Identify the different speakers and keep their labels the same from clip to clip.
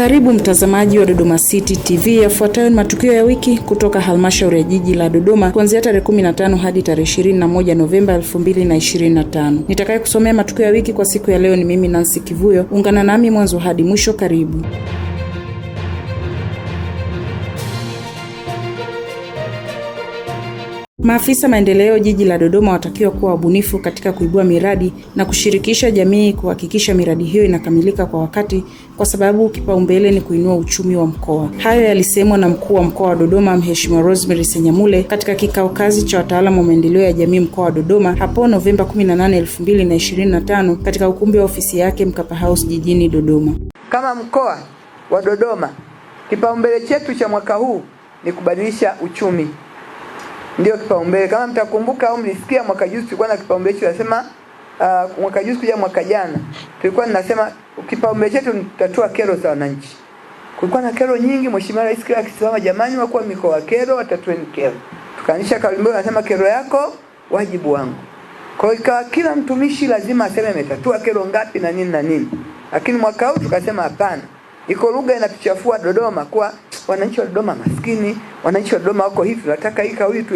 Speaker 1: Karibu mtazamaji wa Dodoma City TV. Yafuatayo ni matukio ya wiki kutoka halmashauri ya jiji la Dodoma kuanzia tarehe 15 hadi tarehe 21 Novemba 2025. Nitakaye kusomea matukio ya wiki kwa siku ya leo ni mimi Nancy Kivuyo. Ungana nami mwanzo hadi mwisho. Karibu. Maafisa maendeleo jiji la Dodoma watakiwa kuwa wabunifu katika kuibua miradi na kushirikisha jamii kuhakikisha miradi hiyo inakamilika kwa wakati, kwa sababu kipaumbele ni kuinua uchumi wa mkoa. Hayo yalisemwa na mkuu wa mkoa wa Dodoma Mheshimiwa Rosemary Senyamule katika kikao kazi cha wataalamu wa maendeleo ya jamii mkoa wa Dodoma hapo Novemba 18, 2025 katika ukumbi wa ofisi yake Mkapa House jijini Dodoma.
Speaker 2: Kama mkoa wa Dodoma, kipaumbele chetu cha mwaka huu ni kubadilisha uchumi ndio kipaumbele. Kama mtakumbuka au mlisikia mwaka juzi tulikuwa na kipaumbele chetu nasema uh, mwaka juzi kuja mwaka jana tulikuwa tunasema kipaumbele chetu tutatua kero za wananchi. Kulikuwa na kero nyingi, mheshimiwa rais kila akisimama, jamani, wakuu wa mikoa kero, watatueni kero. Tukaanisha kauli mbiu anasema kero yako wajibu wangu. Kwa hiyo kila mtumishi lazima aseme ametatua kero ngapi na nini na nini. Lakini mwaka huu tukasema hapana. Iko lugha inatuchafua Dodoma kwa wananchi wa Dodoma maskini, wananchi wa Dodoma wako hivi, wataka hii kauli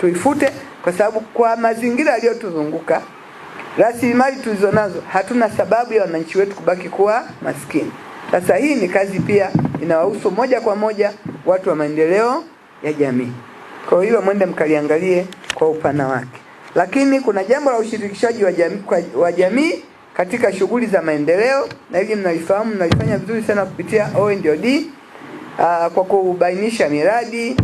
Speaker 2: tuifute, kwa sababu kwa mazingira yaliyotuzunguka rasilimali tulizonazo, hatuna sababu ya wananchi wetu kubaki kuwa maskini. Sasa hii ni kazi pia inawahusu moja kwa moja watu wa maendeleo ya jamii. Kwa hiyo mwende mkaliangalie kwa upana wake. Lakini kuna jambo la ushirikishaji wa jamii, kwa, wa jamii katika shughuli za maendeleo na hili mnalifahamu, mnalifanya vizuri sana kupitia ONDOD. Ah, kwa kubainisha miradi,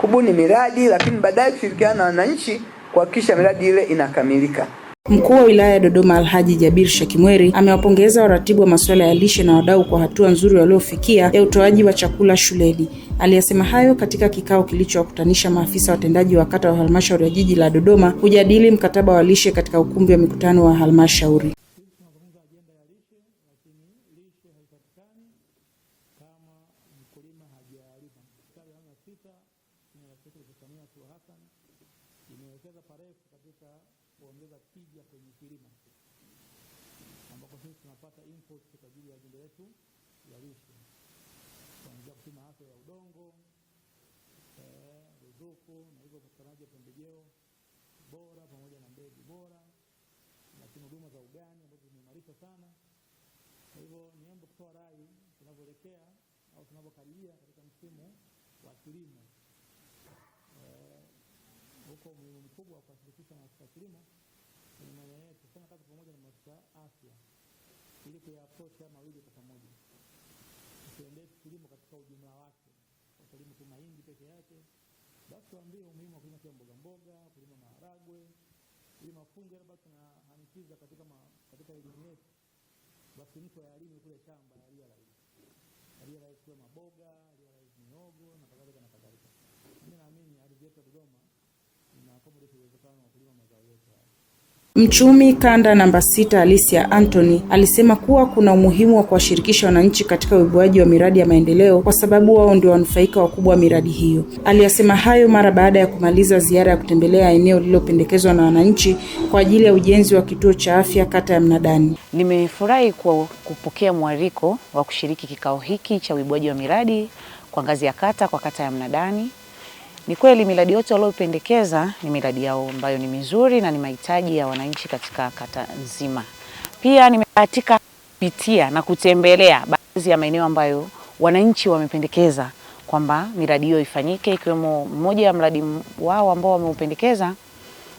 Speaker 2: kubuni miradi, lakini baadaye kushirikiana na wananchi kuhakikisha miradi ile inakamilika.
Speaker 1: Mkuu wa wilaya ya Dodoma Alhaji Jabir Shakimweri amewapongeza waratibu wa masuala ya lishe na wadau kwa hatua nzuri waliofikia ya utoaji wa chakula shuleni. Aliyasema hayo katika kikao kilichowakutanisha maafisa watendaji wa kata wa halmashauri ya jiji la Dodoma kujadili mkataba wa lishe katika ukumbi wa mikutano wa halmashauri. masoko na hivyo upatikanaji wa pembejeo bora pamoja na mbegu bora, lakini huduma za ugani ambazo zimeimarishwa sana. Kwa hivyo niombe kutoa rai, tunavyoelekea au tunavyokaribia katika msimu wa kilimo huko, eh, e, umuhimu mkubwa wa kuwashirikisha maafisa kilimo kwenye maeneo yetu, kufanya kazi pamoja na maafisa afya ili kuyaapproach haya mawili kwa pamoja, tusiendee kilimo katika ujumla wake, kilimo tu mahindi peke yake basi tuambie umuhimu wa kulima pia mboga mboga, kulima maharagwe, ili funge, labda tunahanikiza katika ma, katika elimu yetu, basi mtu ayalime kule shamba aliyolalima aliyorais kule maboga, aliyorais miogo na kadhalika na kadhalika. Mimi naamini ardhi yetu ya Dodoma ina accommodate uwezekano wa kulima mazao yote haya. Mchumi kanda namba sita Alicia Anthony alisema kuwa kuna umuhimu wa kuwashirikisha wananchi katika uibuaji wa miradi ya maendeleo kwa sababu wao ndio wanufaika wakubwa wa miradi hiyo. Aliyasema hayo mara baada ya kumaliza ziara ya kutembelea eneo lililopendekezwa na wananchi kwa ajili ya ujenzi wa kituo cha afya kata ya Mnadani.
Speaker 3: Nimefurahi kwa kupokea mwaliko wa kushiriki kikao hiki cha uibuaji wa miradi kwa ngazi ya kata kwa kata ya Mnadani. Ni kweli miradi yote waliopendekeza ni miradi yao ambayo ni mizuri na ni mahitaji ya wananchi katika kata nzima. Pia nimebahatika kupitia na kutembelea baadhi ya maeneo ambayo wananchi wamependekeza kwamba miradi hiyo ifanyike, ikiwemo mmoja ya mradi wao ambao wameupendekeza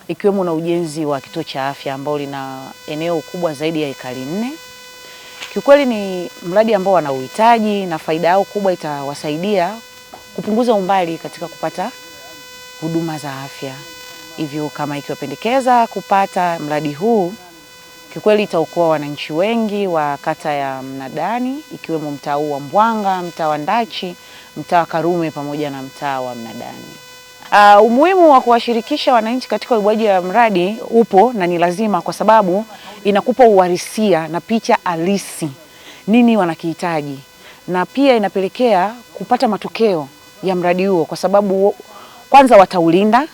Speaker 3: ikiwemo na ujenzi wa kituo cha afya ambao lina eneo kubwa zaidi ya ekari nne. Kiukweli ni mradi ambao wanauhitaji na faida yao kubwa itawasaidia kupunguza umbali katika kupata huduma za afya. Hivyo kama ikiwapendekeza kupata mradi huu, kikweli itaokoa wananchi wengi wa kata ya Mnadani ikiwemo mtaa wa Mbwanga, mtaa wa Ndachi, mtaa wa Karume pamoja na mtaa wa Mnadani. Uh, umuhimu wa kuwashirikisha wananchi katika uibuaji wa mradi upo na ni lazima, kwa sababu inakupa uhalisia na picha halisi nini wanakihitaji, na pia inapelekea kupata matokeo ya mradi huo, kwa sababu kwanza wataulinda,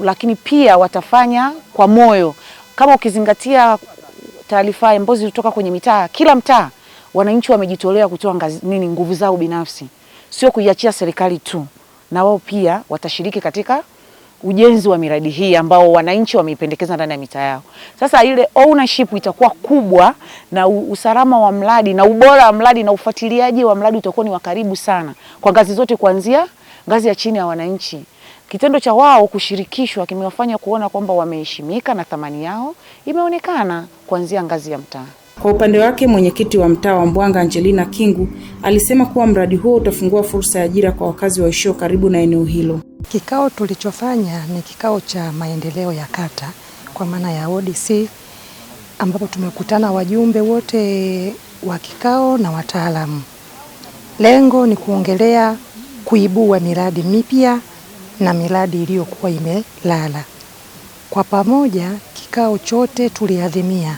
Speaker 3: lakini pia watafanya kwa moyo, kama ukizingatia taarifa ambazo zilitoka kwenye mitaa. Kila mtaa wananchi wamejitolea kutoa ngazi nini, nguvu zao binafsi, sio kuiachia serikali tu, na wao pia watashiriki katika ujenzi wa miradi hii ambao wananchi wameipendekeza ndani ya mitaa yao. Sasa ile ownership itakuwa kubwa na usalama wa mradi na ubora wa mradi na ufuatiliaji wa mradi utakuwa ni wa karibu sana kwa ngazi zote, kuanzia ngazi ya chini ya wananchi. Kitendo cha wao kushirikishwa kimewafanya kuona kwamba wameheshimika na thamani yao imeonekana kuanzia ngazi ya mtaa.
Speaker 1: Kwa upande wake mwenyekiti wa mtaa wa Mbwanga Angelina Kingu alisema kuwa mradi huo utafungua fursa ya ajira kwa wakazi waishio karibu na eneo hilo.
Speaker 4: Kikao tulichofanya ni kikao cha maendeleo ya kata kwa maana ya ODC, ambapo tumekutana wajumbe wote wa kikao na wataalamu. Lengo ni kuongelea kuibua miradi mipya na miradi iliyokuwa imelala. Kwa pamoja, kikao chote tuliadhimia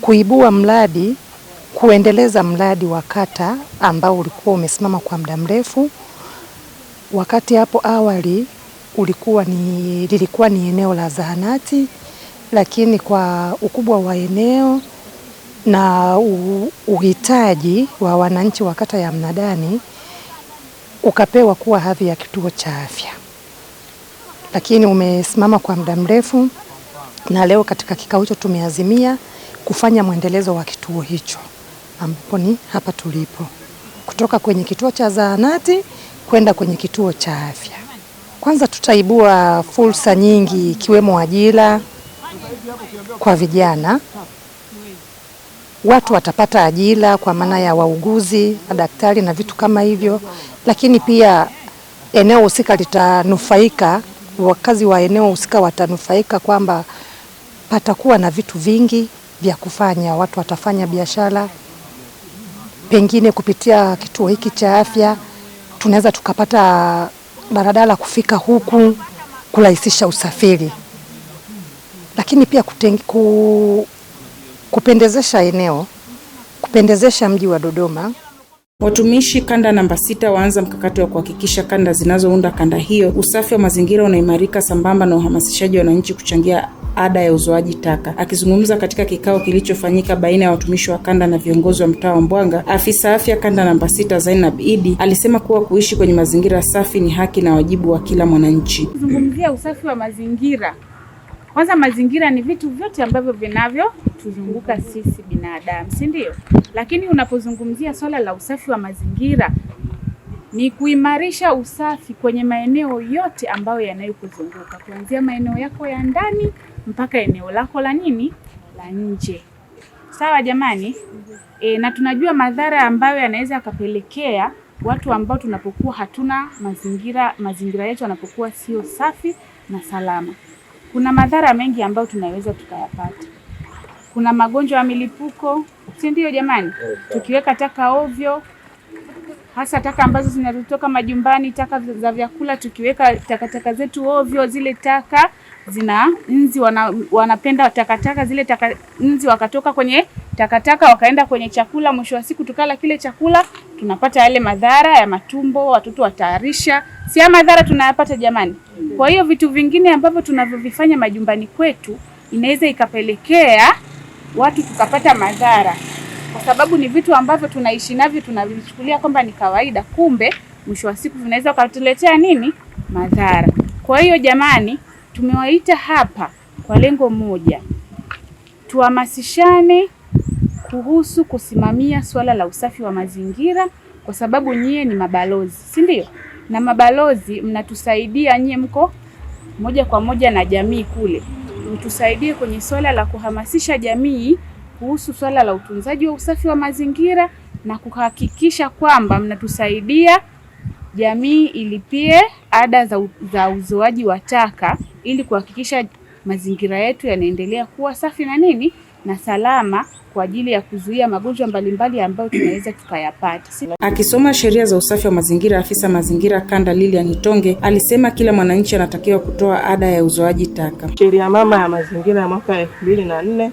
Speaker 4: kuibua mradi, kuendeleza mradi wa kata ambao ulikuwa umesimama kwa muda mrefu. Wakati hapo awali ulikuwa ni, lilikuwa ni eneo la zahanati, lakini kwa ukubwa wa eneo na uhitaji wa wananchi wa kata ya Mnadani ukapewa kuwa hadhi ya kituo cha afya, lakini umesimama kwa muda mrefu, na leo katika kikao hicho tumeazimia kufanya mwendelezo wa kituo hicho ambapo ni hapa tulipo, kutoka kwenye kituo cha zahanati kwenda kwenye kituo cha afya. Kwanza tutaibua fursa nyingi ikiwemo ajira kwa vijana. Watu watapata ajira kwa maana ya wauguzi, madaktari na vitu kama hivyo, lakini pia eneo husika litanufaika, wakazi wa eneo husika watanufaika kwamba patakuwa na vitu vingi vya kufanya. Watu watafanya biashara pengine kupitia kituo hiki cha afya, tunaweza tukapata daladala kufika huku kurahisisha usafiri, lakini pia kutengi, ku, kupendezesha eneo, kupendezesha mji wa Dodoma.
Speaker 1: Watumishi kanda namba sita waanza mkakati wa kuhakikisha kanda zinazounda kanda hiyo usafi wa mazingira unaimarika sambamba na uhamasishaji wa wananchi kuchangia ada ya uzoaji taka. Akizungumza katika kikao kilichofanyika baina ya watumishi wa kanda na viongozi wa mtaa wa Mbwanga, afisa afya kanda namba sita Zainab Idi alisema kuwa kuishi kwenye mazingira safi ni haki na wajibu wa kila mwananchi.
Speaker 5: Kuzungumzia usafi wa mazingira kwanza mazingira ni vitu vyote ambavyo vinavyotuzunguka sisi binadamu, si ndio? Lakini unapozungumzia swala la usafi wa mazingira ni kuimarisha usafi kwenye maeneo yote ambayo yanayokuzunguka kuanzia maeneo yako ya ndani mpaka eneo lako la nini la nje. Sawa jamani? E, na tunajua madhara ambayo yanaweza yakapelekea watu ambao tunapokuwa hatuna mazingira mazingira yetu yanapokuwa sio safi na salama kuna madhara mengi ambayo tunaweza tukayapata. Kuna magonjwa ya milipuko, si ndio jamani? Eh, Tukiweka taka ovyo hasa taka ambazo zinatoka majumbani, taka za vyakula. Tukiweka takataka zetu ovyo, zile taka zina nzi wana, wanapenda takataka zile taka, nzi wakatoka kwenye takataka wakaenda kwenye chakula. Mwisho wa siku tukala kile chakula, tunapata yale madhara ya matumbo, watoto wataharisha, si madhara tunayapata jamani. Kwa hiyo vitu vingine ambavyo tunavyovifanya majumbani kwetu inaweza ikapelekea watu tukapata madhara kwa sababu ni vitu ambavyo tunaishi navyo, tunavichukulia kwamba ni kawaida, kumbe mwisho wa siku vinaweza ukatuletea nini madhara. Kwa hiyo jamani, tumewaita hapa kwa lengo moja, tuhamasishane kuhusu kusimamia swala la usafi wa mazingira, kwa sababu nyie ni mabalozi, si ndio? Na mabalozi mnatusaidia nyie, mko moja kwa moja na jamii kule, mtusaidie kwenye swala la kuhamasisha jamii kuhusu swala la utunzaji wa usafi wa mazingira na kuhakikisha kwamba mnatusaidia jamii ilipie ada za, za uzoaji wa taka ili kuhakikisha mazingira yetu yanaendelea kuwa safi na nini na salama kwa ajili ya kuzuia magonjwa mbalimbali ambayo tunaweza tukayapata.
Speaker 1: Akisoma sheria za usafi wa mazingira, afisa mazingira kanda Lilian Itonge alisema kila mwananchi anatakiwa kutoa ada ya uzoaji taka.
Speaker 2: Sheria mama ya mazingira ya mwaka elfu mbili na nne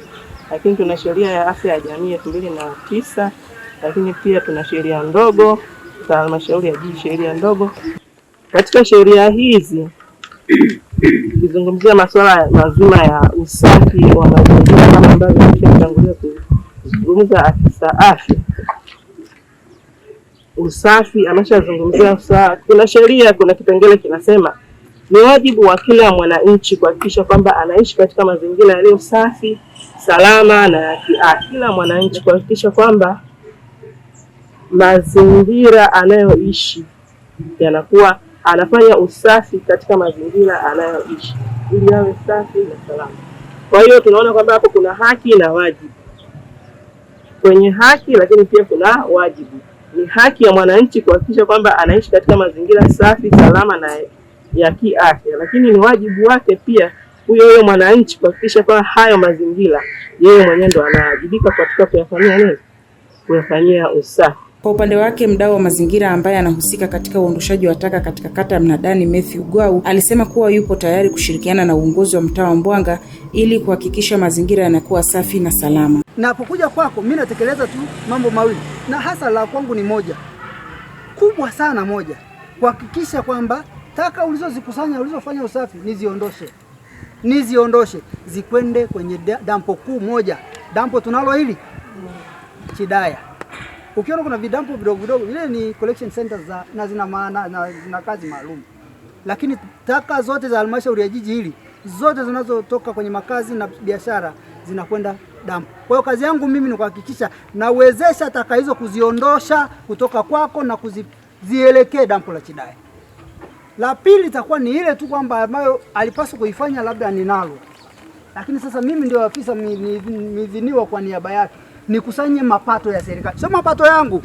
Speaker 2: lakini tuna sheria ya afya ya jamii elfu mbili na tisa lakini pia tuna sheria ndogo za halmashauri ya jiji, sheria ndogo. Katika sheria hizi kizungumzia masuala mazima ya usafi wa mazingira kama ambavyo nimeshatangulia kuzungumza afisa afya usafi ameshazungumzia. Kuna sheria, kuna kipengele kinasema ni wajibu wa kila mwananchi kuhakikisha kwamba anaishi katika mazingira yaliyo safi, salama na ya kiafya. Kila mwananchi kuhakikisha kwamba mazingira anayoishi yanakuwa anafanya usafi katika mazingira anayoishi ili yawe safi na salama. Kwa hiyo tunaona kwamba hapo kuna haki na wajibu. Kwenye haki lakini pia kuna wajibu. Ni haki ya mwananchi kuhakikisha kwamba anaishi katika mazingira safi, salama na ya kiafya, lakini ni wajibu wake pia huyo huyo mwananchi kuhakikisha kwamba hayo mazingira yeye mwenyewe ndo anawajibika katika kuyafanyia nini, kuyafanyia usafi.
Speaker 1: Kwa upande wake mdau wa mazingira ambaye anahusika katika uondoshaji wa taka katika kata ya Mnadani, Matthew Gwau alisema kuwa yupo tayari kushirikiana na uongozi wa mtaa wa Mbwanga ili kuhakikisha mazingira yanakuwa safi na salama.
Speaker 6: Napokuja kwako mimi natekeleza tu mambo mawili, na hasa la kwangu ni moja kubwa sana, moja kuhakikisha kwamba Taka ulizozikusanya ulizofanya usafi niziondoshe, niziondoshe zikwende kwenye dampo kuu moja. Dampo tunalo hili Chidaya, ukiona kuna vidampo vidogo vidogo ile ni collection centers za, na zina maana na zina kazi maalum, lakini taka zote za halmashauri ya jiji hili zote zinazotoka kwenye makazi na biashara zinakwenda dampo. Kwa hiyo kazi yangu mimi ni kuhakikisha nawezesha taka hizo kuziondosha kutoka kwako na kuzielekee dampo la Chidaya. La pili itakuwa ni ile tu kwamba ambayo alipaswa kuifanya labda ninalo, lakini sasa mimi ndio afisa midhiniwa kwa niaba yake nikusanye mapato ya serikali, sio mapato yangu.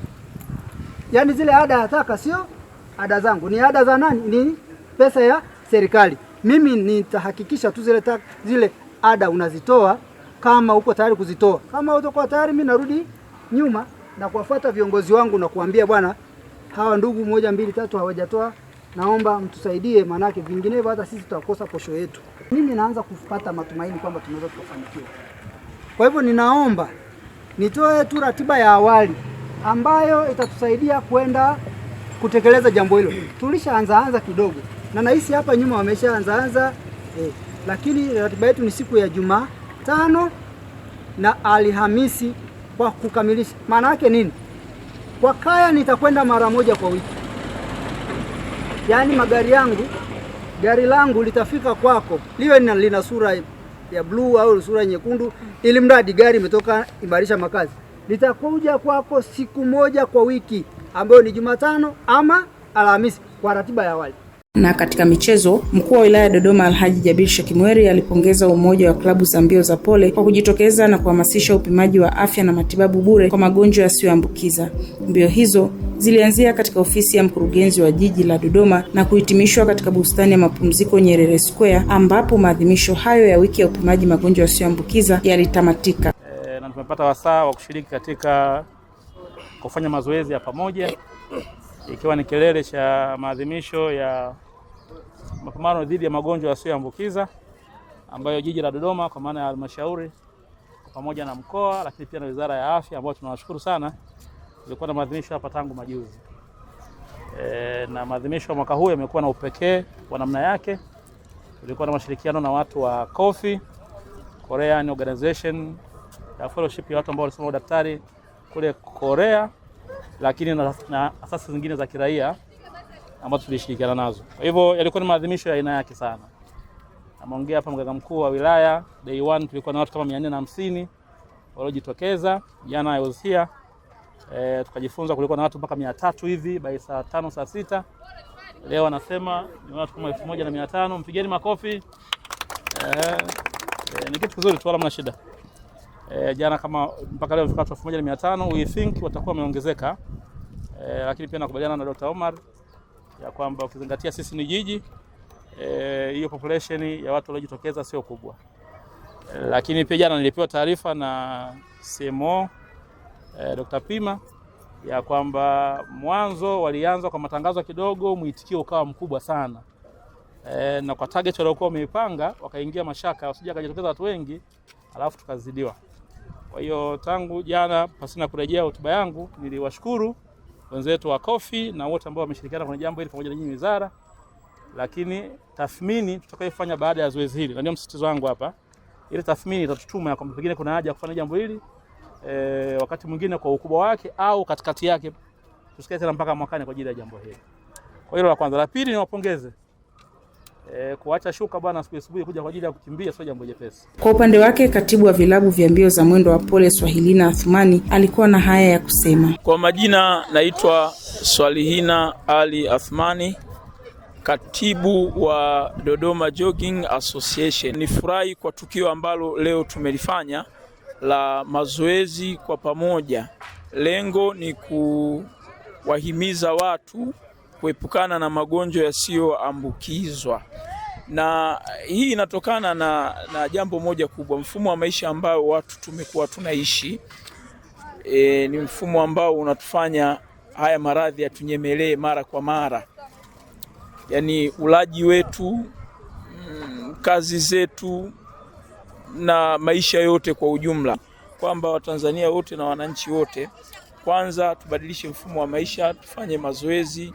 Speaker 6: Yaani zile ada ya taka sio ada zangu, ni ada za nani? Ni pesa ya serikali. Mimi nitahakikisha tu zile taka, zile ada unazitoa kama uko tayari kuzitoa. Kama utakuwa tayari, mimi narudi nyuma na kuwafuata viongozi wangu na kuambia bwana, hawa ndugu moja mbili tatu hawajatoa naomba mtusaidie, maanake vinginevyo hata sisi tutakosa posho yetu. Mimi naanza kupata matumaini kwamba tunaweza tukafanikiwa. Kwa hivyo ninaomba nitoe tu ratiba ya awali ambayo itatusaidia kwenda kutekeleza jambo hilo. Tulishaanzaanza kidogo na nahisi hapa nyuma wameshaanzaanza eh, lakini ratiba yetu ni siku ya Jumatano na Alhamisi kwa kukamilisha. Maana yake nini? Kwa kaya nitakwenda mara moja kwa wiki yaani magari yangu gari langu litafika kwako liwe lina sura ya bluu au sura nyekundu, ili mradi gari imetoka imarisha makazi, litakuja kwako siku moja kwa wiki ambayo ni Jumatano ama Alhamisi kwa ratiba ya awali.
Speaker 1: Na katika michezo, mkuu wa wilaya ya Dodoma Alhaji Jabir Shakimweri alipongeza umoja wa klabu za mbio za pole kwa kujitokeza na kuhamasisha upimaji wa afya na matibabu bure kwa magonjwa yasiyoambukiza. Mbio hizo zilianzia katika ofisi ya mkurugenzi wa jiji la Dodoma na kuhitimishwa katika bustani ya mapumziko Nyerere Square, ambapo maadhimisho hayo ya wiki ya upimaji magonjwa yasiyoambukiza yalitamatika.
Speaker 7: E, na tumepata wasaa wa kushiriki katika kufanya mazoezi ya pamoja ikiwa ni kilele cha maadhimisho ya mapambano dhidi ya magonjwa yasiyoambukiza ambayo jiji la Dodoma kwa maana ya halmashauri pamoja na mkoa lakini pia na Wizara ya Afya ambayo tunawashukuru sana, ilikuwa na maadhimisho hapa tangu majuzi e, na maadhimisho mwaka huu yamekuwa na upekee wa namna yake. Tulikuwa na mashirikiano na watu wa Kofi Korean Organization ya fellowship ya watu ambao walisoma udaktari kule Korea, lakini na asasi zingine za kiraia ambazo tulishirikiana nazo. Kwa hivyo yalikuwa ni maadhimisho ya aina yake sana. Ameongea hapa mganga mkuu wa wilaya, day one tulikuwa na watu kama 450 waliojitokeza. Jana I was here e, tukajifunza, kulikuwa na watu mpaka 300 hivi by saa tano saa sita. Leo anasema ni watu kama 1500 mpigeni makofi e, e, ni kitu kizuri tu, wala mna shida e, jana kama mpaka leo 1500 we think watakuwa wameongezeka e, lakini pia nakubaliana na Dr. Omar ya kwamba ukizingatia sisi ni jiji e, hiyo, e, population ya watu waliojitokeza sio kubwa e, lakini pia jana nilipewa taarifa na CMO e, Dr. Pima ya kwamba mwanzo walianza kwa matangazo kidogo, mwitikio ukawa mkubwa sana e, na kwa target waliokuwa wameipanga wakaingia mashaka, wasije akajitokeza watu wengi alafu tukazidiwa. Kwa hiyo tangu jana, pasina kurejea hotuba yangu, niliwashukuru wenzetu wa Kofi na wote ambao wameshirikiana kwenye jambo hili pamoja na nyinyi wizara, lakini tathmini tutakayofanya baada ya zoezi hili, na ndio msisitizo wangu hapa, ile tathmini itatutuma kwamba pengine kuna haja ya kufanya jambo hili e, wakati mwingine kwa ukubwa wake au katikati yake, tusikae tena mpaka mwakani kwa ajili ya jambo hili. Kwa hilo la kwanza. La pili, niwapongeze Eh, kuacha shuka bwana siku asubuhi kuja kwa ajili ya kukimbia sio jambo jepesi.
Speaker 1: Kwa upande wake, katibu wa vilabu vya mbio za mwendo wa pole Swahilina Athumani alikuwa na haya ya kusema.
Speaker 8: Kwa majina, naitwa Swalihina Ali Athmani, katibu wa Dodoma Jogging Association. furahi kwa tukio ambalo leo tumelifanya la mazoezi kwa pamoja. Lengo ni kuwahimiza watu kuepukana na magonjwa yasiyoambukizwa na hii inatokana na, na jambo moja kubwa. Mfumo wa maisha ambao watu tumekuwa tunaishi e, ni mfumo ambao unatufanya haya maradhi yatunyemelee mara kwa mara, yaani ulaji wetu, mm, kazi zetu na maisha yote kwa ujumla, kwamba Watanzania wote na wananchi wote, kwanza tubadilishe mfumo wa maisha, tufanye mazoezi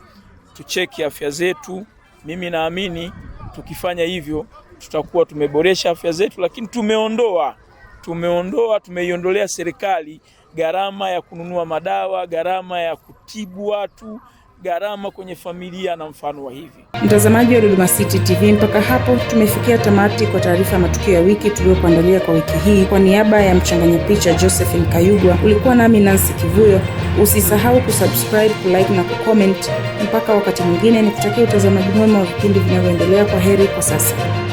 Speaker 8: tucheki afya zetu. Mimi naamini tukifanya hivyo tutakuwa tumeboresha afya zetu, lakini tumeondoa tumeondoa tumeiondolea serikali gharama ya kununua madawa, gharama ya kutibu watu gharama kwenye familia na mfano wa hivi.
Speaker 1: Mtazamaji wa Dodoma City TV, mpaka hapo tumefikia tamati kwa taarifa ya matukio ya wiki tuliyokuandalia kwa wiki hii. Kwa niaba ya mchanganya picha Josephine Kayugwa, ulikuwa nami Nancy Kivuyo. Usisahau kusubscribe, kulike na kucomment. Mpaka wakati mwingine, nikutakia utazamaji mwema wa vipindi vinavyoendelea. Kwa heri kwa sasa.